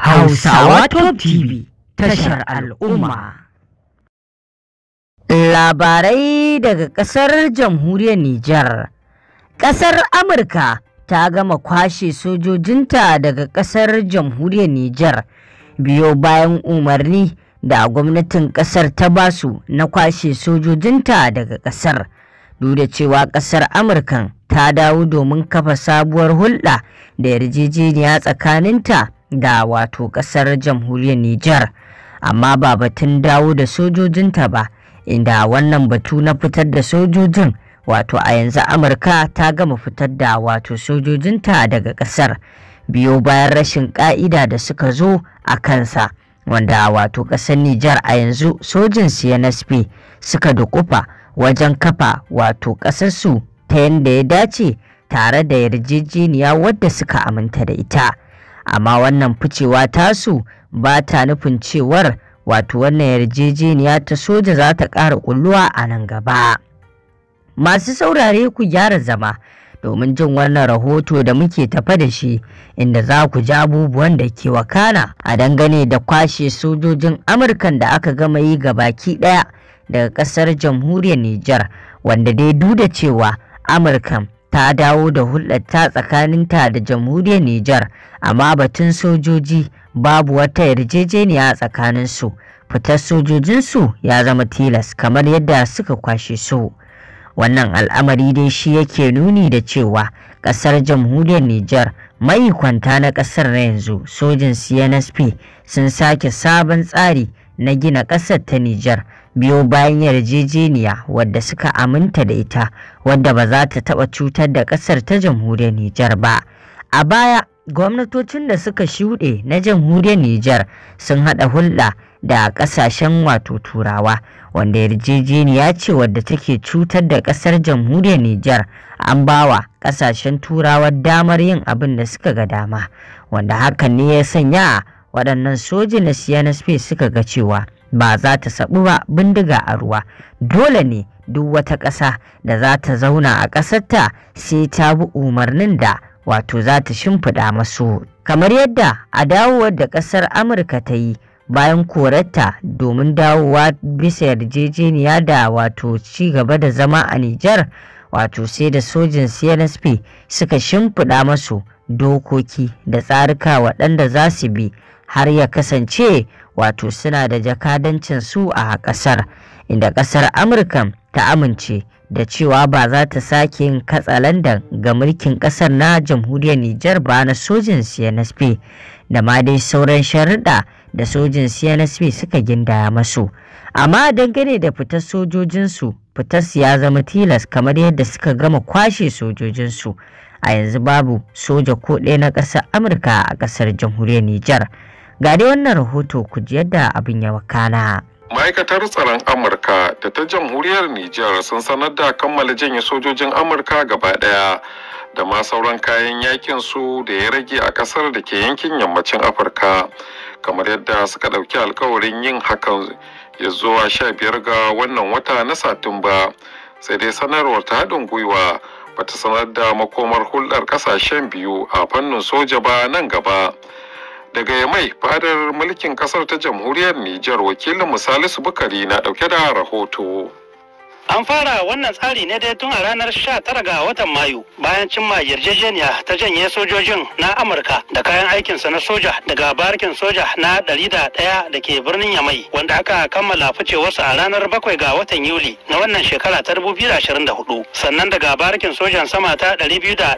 Hausawa Top TV tashar al'umma. Labarai daga ƙasar jamhuriyar Nijar. Ƙasar Amurka ta gama kwashe sojojinta daga ƙasar jamhuriyar Nijar biyo bayan umarni da gwamnatin ƙasar ta basu na kwashe sojojinta daga ƙasar. Duk da cewa ƙasar Amurkan ta dawo domin kafa sabuwar hulɗa da yarjejeniya tsakaninta da wato ƙasar jamhuriyar Nijar amma ba batun dawo da sojojinta ba inda wannan batu na fitar da sojojin wato a yanzu Amurka ta gama fitar da wato sojojinta daga ƙasar biyo bayan rashin ƙa'ida da suka zo a kansa wanda wato ƙasar Nijar a yanzu sojin CNSP suka dukufa wajen kafa wato ƙasarsu ta yadda ya dace tare da yarjejeniya wadda suka aminta da ita. amma wannan ficewa tasu ba ta nufin cewar wato wannan yarjejeniya ta soja za ta ƙara ƙulluwa a nan gaba masu saurare ku gyara zama domin jin wannan rahoto da muke tafa da shi inda za ku ji abubuwan da ke wakana a dangane da kwashe sojojin amurkan da aka gama yi ga baki ɗaya daga ƙasar jamhuriyar nijar wanda dai duda cewa amurkan ta dawo da hulɗarta tsakaninta da jamhuriyar Nijar, amma batun sojoji babu wata yarjejeniya a tsakaninsu. Fitar sojojinsu ya zama tilas kamar yadda suka kwashe su. Wannan al'amari dai shi yake nuni da cewa ƙasar jamhuriyar Nijar mai kwanta na ƙasar na yanzu sojin CNSP sun sake sabon tsari na gina ƙasar ta Nijar biyo bayan yarjejeniya wadda suka aminta da ita wadda ba za ta taɓa cutar da ƙasar ta jamhuriyar Nijar ba. A baya gwamnatocin da suka shuɗe na jamhuriyar Nijar sun haɗa hulɗa da ƙasashen wato turawa wanda yarjejeniya ce wadda take cutar da ƙasar jamhuriyar Nijar an bawa ƙasashen turawa damar yin abin da suka ga dama wanda hakan ne ya sanya waɗannan soji na cnsp suka ga cewa ba za ta saɓu ba bindiga a ruwa dole ne duk wata ƙasa da za ta zauna a ƙasarta sai ta bi umarnin da wato za ta shimfiɗa masu kamar yadda a dawowar da ƙasar amurka ta yi bayan korarta domin dawowa bisa yarjejeniya da wato ci gaba da zama a Nijar wato sai da sojin CNSP suka shimfiɗa masu dokoki da tsarika waɗanda za su bi har ya kasance wato suna da jakadancin su a ƙasar inda ƙasar amurka ta amince da cewa ba za ta sake yin katsalandan ga mulkin ƙasar na jamhuriyar nijar ba na sojin cnsp da ma dai sauran sharuɗa da sojin cnsp suka gindaya masu amma dangane da fitar sojojinsu su ya zama tilas kamar yadda suka gama kwashe sojojinsu a yanzu babu soja ko ɗaya na ƙasar amurka a ƙasar jamhuriyar nijar Ga dai wannan rahoto ku ji yadda abin ya wakana. ma'aikatar tsaron amurka da ta jamhuriyar Nijar sun sanar da kammala janye sojojin amurka gaba ɗaya, da ma sauran kayan yakin su da ya rage a ƙasar da ke yankin yammacin afirka kamar yadda suka ɗauki alkawarin yin hakan ya zuwa sha biyar ga wannan wata na satumba sai dai sanarwar ta haɗin gwiwa bata sanar da makomar hulɗar ƙasashen biyu a fannin soja ba nan gaba daga yamai fadar mulkin kasar ta jamhuriyar Nijar wakilin Salisu bukari na dauke da rahoto An fara wannan tsari ne dai tun a ranar 19 ga watan Mayu bayan cimma yarjejeniya ta janye sojojin na Amurka da kayan aikinsa na soja daga barkin soja na ɗari da da ke birnin Yamai wanda aka kammala ficewarsa a ranar bakwai ga watan Yuli na wannan shekara ta 2024 sannan daga barkin sojan sama ta biyu da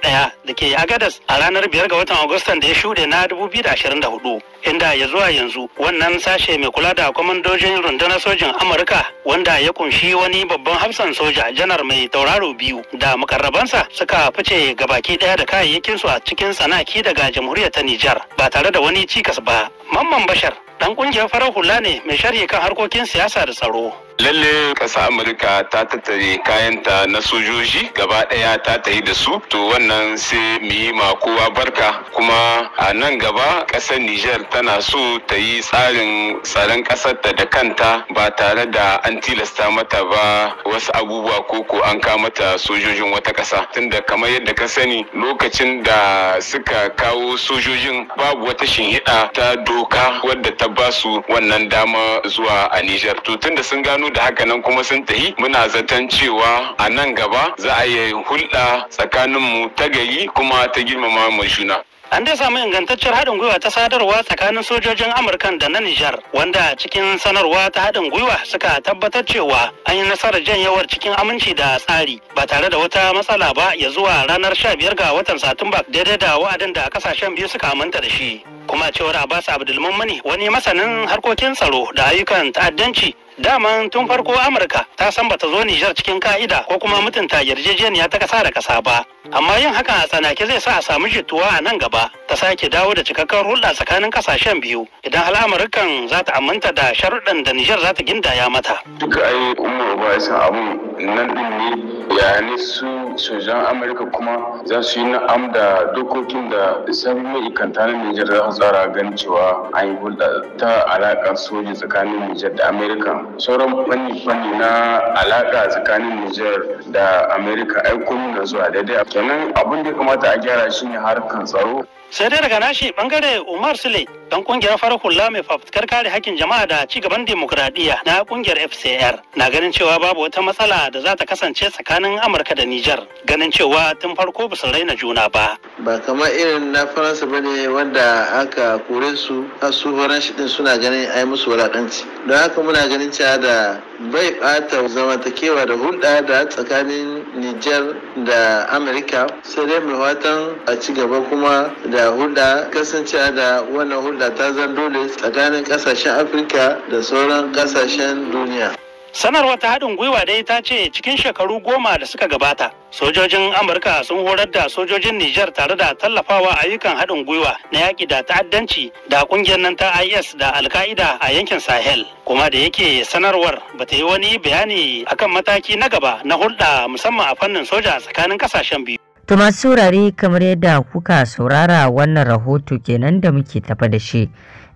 ke Agadas a ranar biyar ga watan Agustan da ya shuɗe na 2024 inda ya zuwa yanzu wannan sashe mai kula da kwamandojin rundunar sojin Amurka wanda ya kunshi wani babban hafsan soja janar mai tauraro biyu da makarrabansa suka fice ga baki daya da kayayyakinsu a cikin sanaki daga jamhuriyar ta Nijar ba tare da wani cikas ba. Mamman Bashar dan kungiyar farar hula ne mai sharhi kan harkokin siyasa da tsaro. lalle ƙasa amurka ta tattare kayanta na sojoji gaba ɗaya ta tayi da su to wannan sai mu yi ma kowa barka kuma a nan gaba ƙasar niger tana so ta yi tsarin tsaron ta da kanta ba tare da an tilasta mata ba wasu abubuwa ko ko an kama mata sojojin wata ƙasa tunda kamar yadda ka sani lokacin da suka kawo sojojin babu wata shinhiɗa ta doka wadda ta ba su wannan dama zuwa a niger to tunda sun gano da haka nan kuma sun tahi muna zaton cewa a nan gaba za a yi hulɗa tsakaninmu ta gari kuma ta girmama mai shuna. An dai samu ingantacciyar haɗin gwiwa ta sadarwa tsakanin sojojin Amurka da na Nijar, wanda cikin sanarwa ta haɗin gwiwa suka tabbatar cewa an yi nasarar janyewar cikin aminci da tsari ba tare da wata matsala ba ya zuwa ranar sha biyar ga watan Satumba daidai da wa'adin da kasashen biyu suka aminta da shi. kuma cewar abbas abdulmumani wani masanin harkokin tsaro da ayyukan ta'addanci daman tun farko amurka ta san bata zo nijar cikin ka'ida ko kuma mutunta yarjejeniya ta kasa da kasa ba amma yin hakan a tsanake zai sa a samu jituwa a nan gaba ta sake dawo da cikakken hulɗa tsakanin kasashen biyu idan al'amurkan za ta aminta da sharuɗan da nijar za ta gindaya mata duka ai umar ba san abun nan din ne yani su sojan amurka kuma za su yi na'am da dokokin da sabon ikanta na nijar za su tsara gan cewa an yi hulɗa ta alaƙa soji tsakanin nijar da amurka sauran fanni-fanni na alaƙa tsakanin nijar da amurka ai na zuwa daidai kenan abin da ya kamata a gyara shi shine harkar tsaro sai dai daga nashi bangare umar sule dan kungiyar farar hula mai fafutukar kare hakkin jama'a da ci gaban demokuraɗiyya na kungiyar FCR na ganin cewa babu wata matsala da za ta kasance tsakanin Amurka da Nijar ganin cewa tun farko ba su raina juna ba. Ba kamar irin na Faransa ba ne wanda aka kore su a su Faransa din suna ganin ai musu wulaɗanci. Don haka muna ganin cewa da bai ɓata zamantakewa da hulɗa da tsakanin Nijar da Amerika sai dai mai watan a ci gaba kuma da hulɗa kasancewa da wannan hulɗa ta zan dole tsakanin ƙasashen Afirka da sauran ƙasashen duniya. sanarwar ta haɗin gwiwa dai ta ce cikin shekaru goma da suka gabata sojojin amurka sun horar da sojojin Nijar tare da tallafawa ayyukan haɗin gwiwa na yaƙi da ta'addanci da ƙungiyar nan ta is da alka'ida a yankin sahel kuma da yake sanarwar ba ta yi wani bayani akan mataki na gaba na hulɗa musamman a fannin soja tsakanin ƙasashen biyu To masu saurare kamar yadda kuka saurara wannan rahoto kenan da muke tafa da shi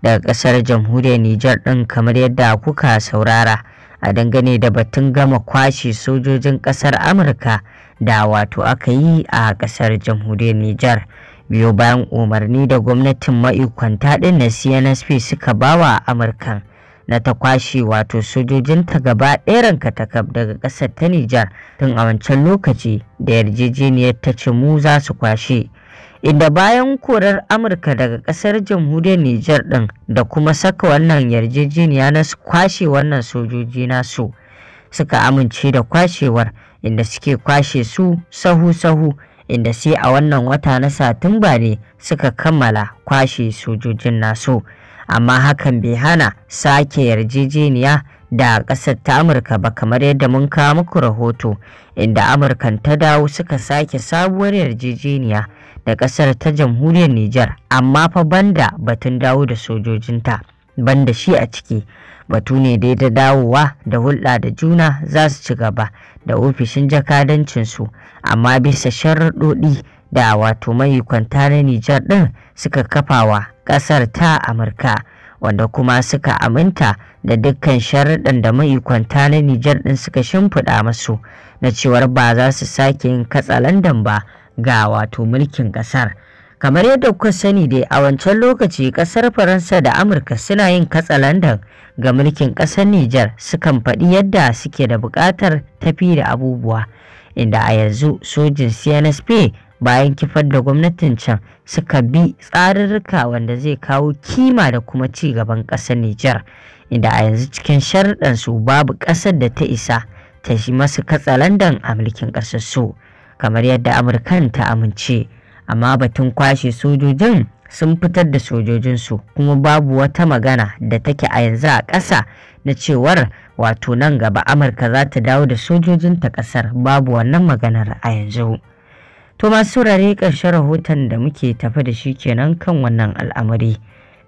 daga ƙasar jamhuriyar Nijar ɗin kamar yadda kuka saurara. a dangane da batun gama kwashe sojojin kasar amurka da wato aka yi a kasar jamhuriyar nijar biyo bayan umarni da gwamnatin ma'ikwanta din na cnsp suka bawa amurkan na ta kwashe wato sojojin ta gaba ɗeran katakaf daga ƙasar ta nijar tun a wancan lokaci da yarjejeniyar ta ce mu za su kwashe inda bayan korar amurka daga kasar jamhuriyar nijar din da kuma saka wannan yarjejeniya na kwashe wannan sojoji nasu suka amince da kwashewar inda suke kwashe su sahu-sahu inda sai a wannan wata na satumba ne suka kammala kwashe sojojin nasu amma hakan bai hana sake yarjejeniya da ƙasar ta amurka ba kamar yadda mun kawo muku rahoto inda amurkan ta dawo suka sake sabuwar yarjejeniya da ƙasar ta jamhuriyar Nijar amma fa banda batun dawo da sojojinta banda shi a ciki batu ne dai da dawowa da hulɗa da juna za su ci gaba da ofishin jakadancinsu amma bisa sharaɗoɗi da wato mayikwanta na Nijar ɗin suka kafawa ƙasar ta Amurka wanda kuma suka aminta da dukkan sharaɗin da mayikwanta na Nijar ɗin suka shimfiɗa masu na cewar ba za su sake yin katsalandan ba ga wato mulkin ƙasar. Kamar yadda kuka sani dai a wancan lokaci ƙasar Faransa da Amurka suna yin katsalandan ga mulkin ƙasar Nijar sukan faɗi yadda suke da buƙatar tafi da abubuwa. Inda a yanzu sojin CNSP bayan kifar da gwamnatin can suka bi tsarurruka wanda zai kawo kima da kuma ci gaban ƙasar Nijar. Inda a yanzu cikin sharɗansu babu ƙasar da ta isa ta shi masu katsalandan a mulkin ƙasar su. kamar yadda amurkan ta amince amma batun kwashe sojojin sun fitar da sojojinsu kuma babu wata magana da take a yanzu a ƙasa na cewar wato nan gaba amurka za ta dawo da sojojinta ƙasar babu wannan maganar a yanzu to masu saurare ƙarshen rahoton da muke tafi da shi kenan kan wannan al'amari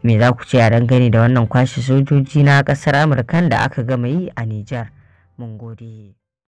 me za ku ce a dangane da wannan kwashe sojoji na ƙasar amurkan da aka gama yi a nijar mun gode